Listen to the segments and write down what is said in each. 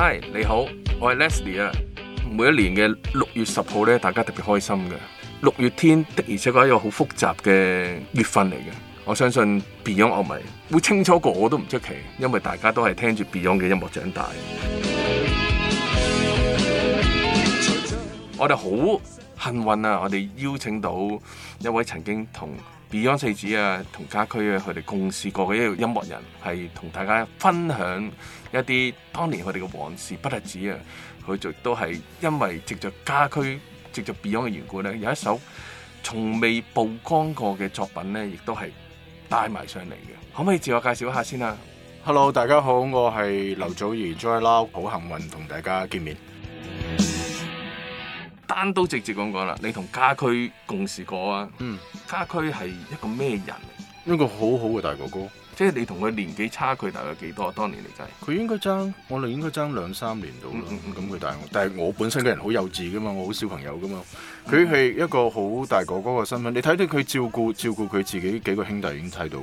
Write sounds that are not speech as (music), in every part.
嗨，你好，我係 Leslie 啊。每一年嘅六月十號咧，大家特別開心嘅六月天的，而且係一個好複雜嘅月份嚟嘅。我相信 Beyond 樂迷會清楚過我都唔出奇，因為大家都係聽住 Beyond 嘅音樂長大。我哋好幸運啊！我哋邀請到一位曾經同 Beyond 四子啊，同家駒啊，佢哋共事過嘅一個音樂人，係同大家分享一啲當年佢哋嘅往事，不特止啊，佢就都係因為藉著家駒、藉著 Beyond 嘅緣故咧，有一首從未曝光過嘅作品咧，亦都係帶埋上嚟嘅。可唔可以自我介紹一下先啊？Hello，大家好，我係劉祖兒 Joy Lau，好幸運同大家見面。單刀直接咁講啦，你同家駒共事過啊？嗯，家駒係一個咩人？一個好好嘅大哥哥。即係你同佢年紀差距大概幾多？當年嚟計，佢應該爭，我哋應該爭兩三年到啦。咁佢、嗯嗯、但我，但係我本身個人好幼稚噶嘛，我好小朋友噶嘛。佢係、嗯、一個好大哥哥嘅身份。你睇到佢照顧照顧佢自己幾個兄弟已經睇到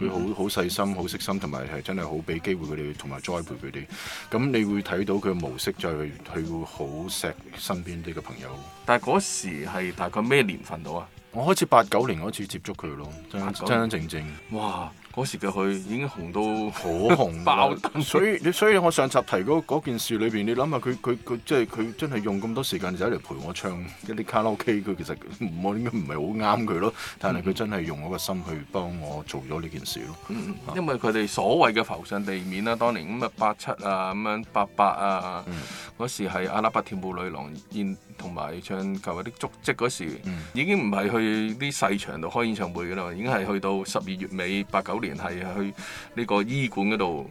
佢好好細心、好悉心，同埋係真係好俾機會佢哋，同埋栽培佢哋。咁你會睇到佢嘅模式就係佢會好錫身邊啲嘅朋友。但係嗰時係大概咩年份到啊？我開始八九年我開始接觸佢咯，真真真正正。哇！嗰時嘅佢已經紅到好紅， (laughs) 爆燈。所以你，所以我上集提嗰件事裏邊，你諗下佢佢佢即係佢真係用咁多時間走嚟陪我唱一啲卡拉 OK，佢其實我應該唔係好啱佢咯。但係佢真係用我個心去幫我做咗呢件事咯。嗯嗯，因為佢哋所謂嘅浮上地面啦，當年咁啊八七啊咁樣八八啊。嗰時係阿拉伯跳舞女郎，演同埋唱舊日啲足跡。嗰時已經唔係去啲細場度開演唱會嘅啦，已經係去到十二月尾八九年，係去呢個醫館嗰度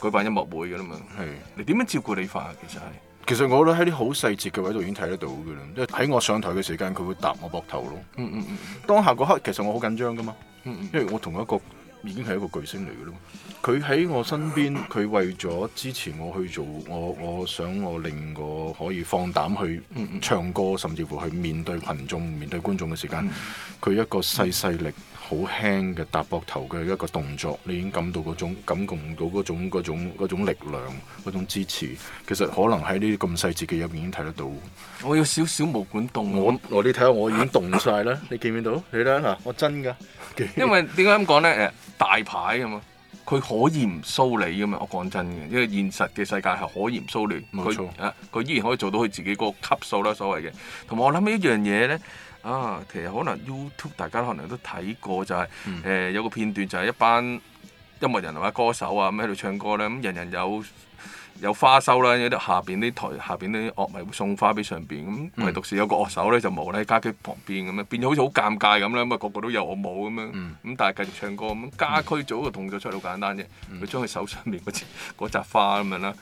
舉辦音樂會嘅啦嘛是。係你點樣照顧你法啊？其實係，其實我覺得喺啲好細節嘅位度已經睇得到嘅啦。即係喺我上台嘅時間，佢會搭我膊頭咯。嗯嗯嗯，當下嗰刻其實我好緊張嘅嘛。嗯嗯，因為我同一個。已經係一個巨星嚟嘅咯，佢喺我身邊，佢為咗支持我去做，我我想我令我可以放膽去唱歌，甚至乎去面對群眾、面對觀眾嘅時間，佢一個細細力，好輕嘅搭膊頭嘅一個動作，你已經感到嗰種感動到嗰種嗰種力量，嗰種支持。其實可能喺呢啲咁細節嘅入面已經睇得到。我要少少毛管動，我我你睇下，我已經動晒啦。 (laughs) 你見唔見到？你咧嗱，我真噶。 (laughs) 因為點解咁講咧？誒，大牌啊嘛。佢可以唔蘇你咁啊！我講真嘅，因為現實嘅世界係可以唔蘇亂，佢啊佢依然可以做到佢自己嗰個級數啦，所謂嘅。同埋我諗起一樣嘢咧，啊，其實可能 YouTube 大家可能都睇過，就係、是、誒、嗯呃、有個片段就係一班音樂人或者歌手啊咁喺度唱歌咧，咁人人有。有花收啦，有啲下邊啲台下邊啲樂迷會送花俾上邊，咁唯獨是有個樂手咧就冇咧，家居旁邊咁樣，變咗好似好尷尬咁咧，咁啊個個都有我冇咁樣，咁但係繼續唱歌咁，家居做一個動作出嚟好簡單啫，佢將佢手上面嗰支紮花咁樣啦。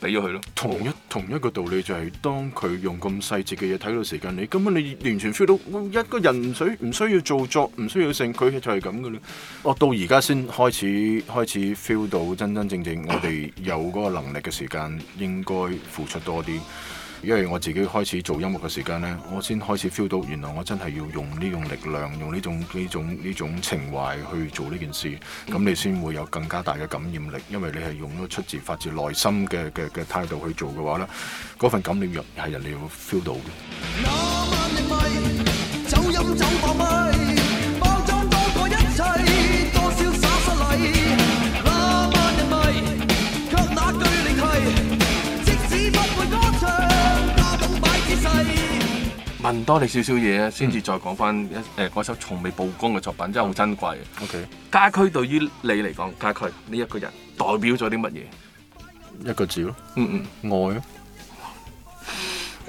俾咗佢咯，同一同一個道理就係當佢用咁細節嘅嘢睇到時間，你根本你，你完全 feel 到，一個人唔需唔需要做作，唔需要性，佢就係咁噶啦。我到而家先開始開始 feel 到真真正正我哋有嗰個能力嘅時間， (laughs) 應該付出多啲。因為我自己開始做音樂嘅時間呢，我先開始 feel 到原來我真係要用呢種力量、用呢種呢種呢種情懷去做呢件事，咁你先會有更加大嘅感染力。因為你係用咗出自發自內心嘅嘅嘅態度去做嘅話，呢嗰份感染力係人哋會 feel 到嘅。 (music) 多你少少嘢先至再講翻一誒嗰首從未曝光嘅作品，真係好珍貴。O.K. okay. 家居對於你嚟講，家居你一個人代表咗啲乜嘢？一個字咯，嗯嗯，愛咯。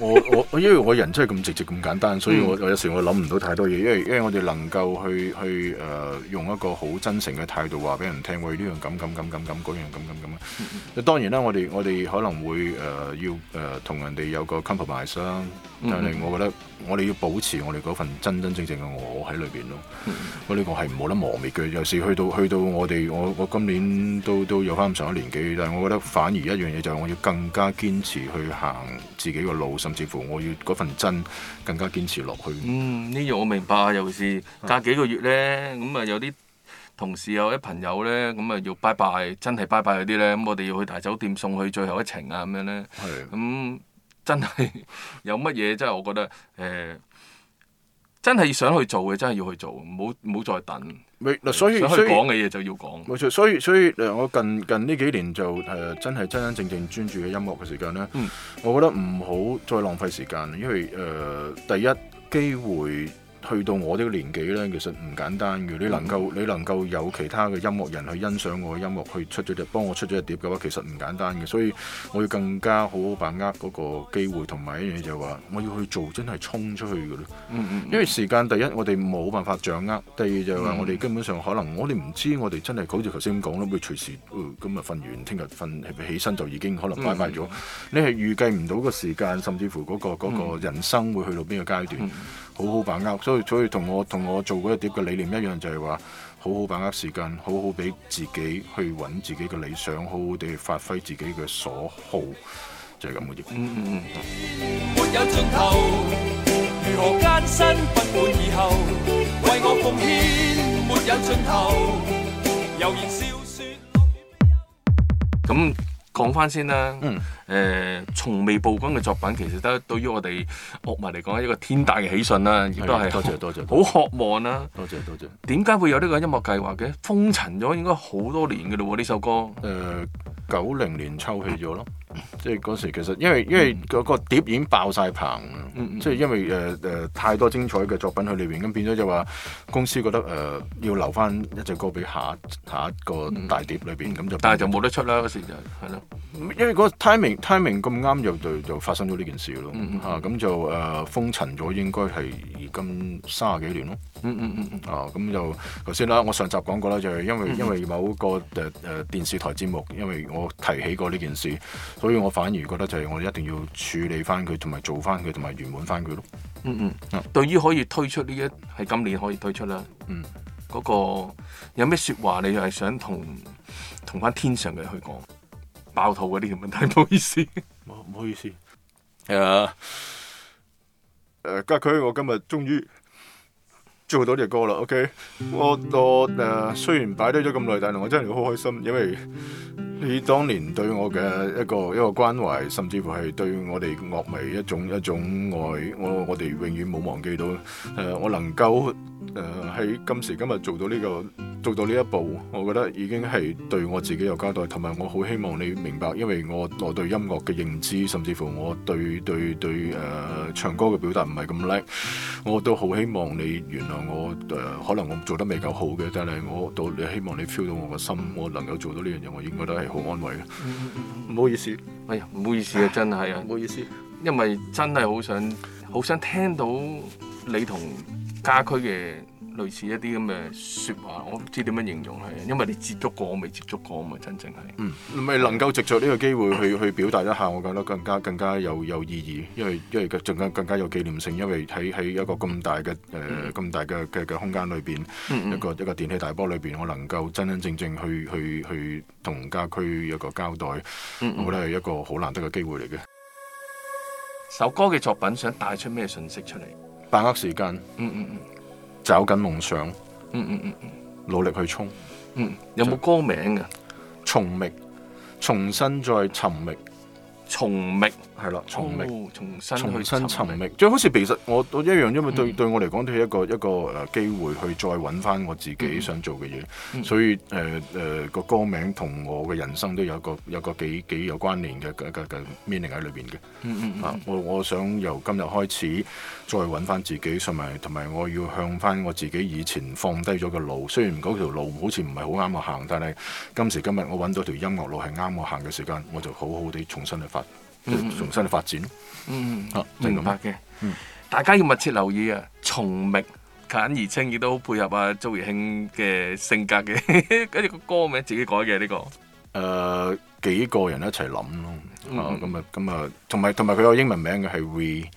(laughs) 我我因為我人真係咁直接咁簡單，所以我有時我諗唔到太多嘢，因為因為我哋能夠去去誒、呃、用一個好真誠嘅態度話俾人聽喂，呢樣咁咁咁咁咁，樣樣咁咁咁當然啦，我哋我哋可能會誒、呃、要誒同、呃、人哋有個 compromise，啦，但係我覺得我哋要保持我哋份真真正正嘅我喺裏邊咯。Mm hmm. 我呢個係唔冇得磨滅嘅。有時，去到去到我哋我我今年都都有翻咁上一年紀，但係我覺得反而一樣嘢就係我要更加堅持去行自己個路先。甚至乎我要嗰份真更加堅持落去。嗯、呢、這、樣、個、我明白啊，尤其是隔幾個月呢，咁啊是的、嗯、有啲同事有啲朋友呢，咁、嗯、啊、嗯、要拜拜，真係拜拜嗰啲呢。咁我哋要去大酒店送去最後一程啊，咁樣呢。咁真係有乜嘢？真係我覺得誒、呃，真係想去做嘅，真係要去做，唔好再等。所以所以講嘅嘢就要講，冇錯。所以，所以，所，以所以，我近近呢幾年就誒、呃、真係真真正正專注嘅音樂嘅時間咧，嗯、我覺得唔好再浪費時間，因為誒、呃、第一機會。去到我呢個年紀咧，其實唔簡單嘅。你能夠、mm hmm. 你能夠有其他嘅音樂人去欣賞我嘅音樂，去出咗隻幫我出咗一碟嘅話，其實唔簡單嘅。所以我要更加好好把握嗰個機會，同埋一樣嘢就係話我要去做，真係衝出去嘅咯。Mm hmm. 因為時間第一，我哋冇辦法掌握；第二就係話我哋根本上可能、mm hmm. 我哋唔知，我哋真係好似頭先咁講咯，會隨時、哦、今日瞓完，聽日瞓起身就已經可能拜拜咗。Mm hmm. 你係預計唔到個時間，甚至乎嗰個、嗰個人生會去到邊個階段。Mm hmm. 好好把握，所以所以同我同我做嗰一碟嘅理念一樣，就係話好好把握時間，好好俾自己去搵自己嘅理想，好好哋發揮自己嘅所好，就係咁嘅意思。嗯嗯嗯。嗯嗯沒有盡頭，如何艱辛不滿意後，為我奉獻沒有盡頭，悠然笑説。咁。講翻先啦，誒、嗯呃、從未曝光嘅作品其實都對於我哋樂迷嚟講係一個天大嘅喜訊啦、啊，亦都係多謝多謝，好渴望啦，多謝、啊、多謝。點解會有呢個音樂計劃嘅？封塵咗應該好多年嘅嘞喎，呢首歌誒九零年抽起咗咯。嗯即係嗰時，其實因為因為嗰個碟已經爆晒棚、嗯嗯、即係因為誒、呃、誒、呃、太多精彩嘅作品喺裏邊，咁變咗就話公司覺得誒、呃、要留翻一隻歌俾下下一個大碟裏邊，咁就嗯嗯，但係就冇得出啦嗰時就係咯，因為嗰 tim timing timing 咁啱，就就就發生咗呢件事咯吓，咁就誒、呃、封塵咗應該係而今卅幾年咯，嗯嗯嗯啊，咁就頭先啦，我上集講過啦，就係因為因為某個誒誒電視台節目，因為我提起過呢件事。所以我反而覺得就係我一定要處理翻佢，同埋做翻佢，同埋圓滿翻佢咯。嗯嗯，嗯對於可以推出呢一係今年可以推出啦。嗯，嗰、那個有咩説話你就，你係想同同翻天上嘅去講爆肚嗰啲問題？唔好意思，唔好意思。誒誒，家駒，我今日終於做到呢隻歌啦。OK，我我誒、uh, 雖然擺低咗咁耐，但係我真係好開心，因為。你當年對我嘅一個一個關懷，甚至乎係對我哋樂迷一種一種愛，我我哋永遠冇忘記到。呃，我能夠。誒，喺、呃、今時今日做到呢個做到呢一步，我覺得已經係對我自己有交代，同埋我好希望你明白，因為我我對音樂嘅認知，甚至乎我對對對誒、呃、唱歌嘅表達唔係咁叻，我都好希望你原諒我誒、呃。可能我做得未夠好嘅，但係我都希望你 feel 到我嘅心，我能夠做到呢樣嘢，我應該都係好安慰嘅。唔、嗯、好意思，哎呀，唔好意思啊，真係啊，唔唉好意思，因為真係好想好想聽到你同。家區嘅類似一啲咁嘅説話，我唔知點樣形容係，因為你接觸過，我未接觸過啊嘛，真正係。嗯，咪能夠藉著呢個機會去去表達一下，我覺得更加更加有有意義，因為因為佢更加更加有紀念性，因為喺喺一個咁大嘅誒咁大嘅嘅嘅空間裏邊，一個一個電器大波裏邊，我能夠真真正正去去去同家區一個交代，我覺得係一個好難得嘅機會嚟嘅。首歌嘅作品想帶出咩信息出嚟？把握時間，嗯嗯嗯，找緊夢想，嗯嗯嗯，努力去衝，嗯，有冇歌名嘅？重覓，重新再尋覓，重覓。係啦，重覓，哦，重新尋覓，即係好似其實我我一樣，因為對、嗯、對我嚟講都係一個一個誒機會，去再揾翻我自己想做嘅嘢。嗯、所以誒誒個歌名同我嘅人生都有個有個幾幾有關聯嘅嘅嘅 meaning 喺裏邊嘅。嗯嗯我我想由今日開始再揾翻自己，同埋同埋我要向翻我自己以前放低咗嘅路。雖然嗰條路好似唔係好啱我行，但係今時今日我揾到條音樂路係啱我行嘅時間，我就好好地重新去發。Mm hmm. 重新去發展，mm hmm. 啊，正能量嘅，mm hmm. 大家要密切留意啊。重名簡而清亦都配合啊。周而興嘅性格嘅，跟住個歌名自己改嘅呢、這個，誒、uh, 幾個人一齊諗咯。咁、mm hmm. 啊，咁啊，同埋同埋佢有英文名嘅係 We。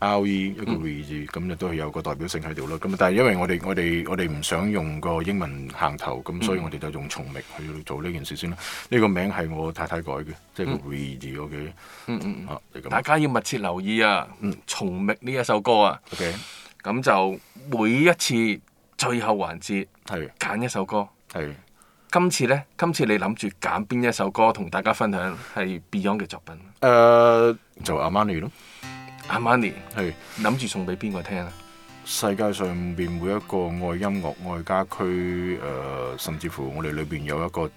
R.E 一個 RE 字咁就都係有個代表性喺度咯，咁但係因為我哋我哋我哋唔想用個英文行頭，咁所以我哋就用重覓去做呢件事先啦。呢、這個名係我太太改嘅，即係個 RE 字 OK，大家要密切留意啊，嗯、重覓呢一首歌啊，OK，咁就每一次最後環節係揀一首歌，係今次呢，今次你諗住揀邊一首歌同大家分享係 Beyond 嘅作品？誒，uh, 就 Amani 咯。阿曼尼係諗住送俾邊個聽啊？世界上邊每一個愛音樂、愛家居誒，甚至乎我哋裏邊有一個誒，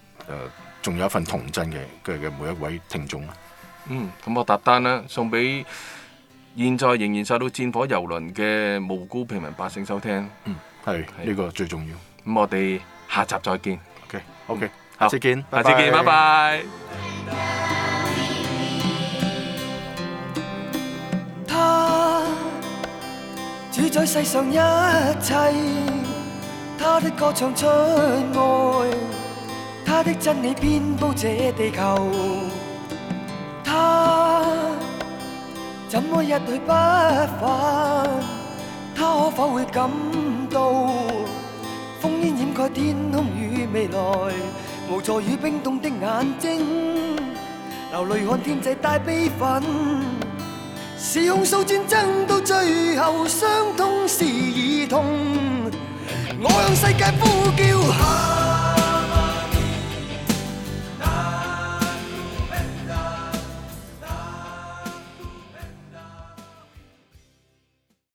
仲有一份童真嘅嘅嘅每一位聽眾。嗯，咁我達單啦，送俾現在仍然受到戰火蹂躪嘅無辜平民百姓收聽。嗯，係呢個最重要。咁我哋下集再見。OK，OK，下次見，下次見，拜拜。主宰世上一切，他的歌唱出愛，他的真理遍佈這地球。他怎麼一去不返？他可否會感到烽煙掩蓋天空與未來？無助與冰凍的眼睛，流淚看天際帶悲憤。是控訴戰爭到最後，傷痛是兒童。我向世界呼叫。 (music)